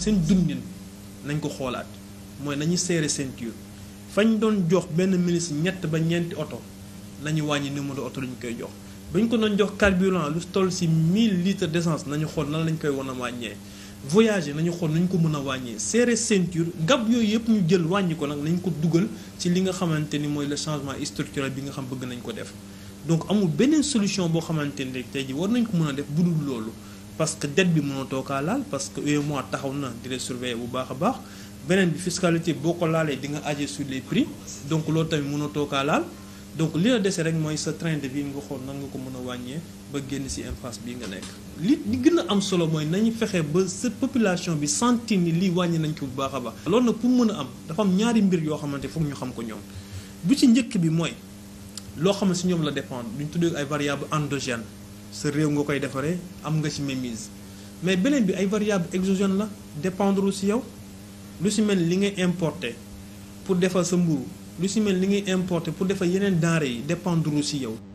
seen dundin nañ ko xoolaat mooy nañu serré ceinture fañ doon jox benn ministre ñett ba ñeenti oto nañu wàññi numéro oto lañ koy jox. bañ ko doon jox carburant lu toll ci 1000 litres d'essence nañu xool nan lañ koy wan a wàññee voyager nañu xool nañ ko mën a wàññee serré ceinture gab yooyu yëpp ñu jël wàññi ko nag nañ ko dugal ci li nga xamante ni mooy le changement structurel bi nga xam bëgg nañ ko def donc amul beneen solution boo xamante ni rek tey ji war nañ ko mën a def budul loolu. parce que dette bi mënatoo kaa parce que UEMOA taxaw na di la bu baax a baax beneen bi fiscalité boo ko laalee di nga agir sur prix donc loo tamit mënatoo kaa laal donc li la dese rek mooy sa train de vie nga xool nan nga ko mën a wàññee ba génn ci impasse bii nga nekk. li li gën a am solo mooy nañu fexe ba sa population bi sentir ni lii wàññi nañ ko bu baax a baax. lool nag pour mën a am dafa am ñaari mbir yoo xamante foog ñu xam ko ñoom bu ci njëkk bi mooy loo xam ne ci ñoom la dépendre duñ tuddee ay variables endogènes. sa réew nga koy defaree am nga ci mainmise mais beneen bi ay variable exogène la dépendre ci yow lu si mel li ngay importer pour defal sa mburu lu si mel ni ngay importer pour defal yeneen denrées yi dépendre ci yow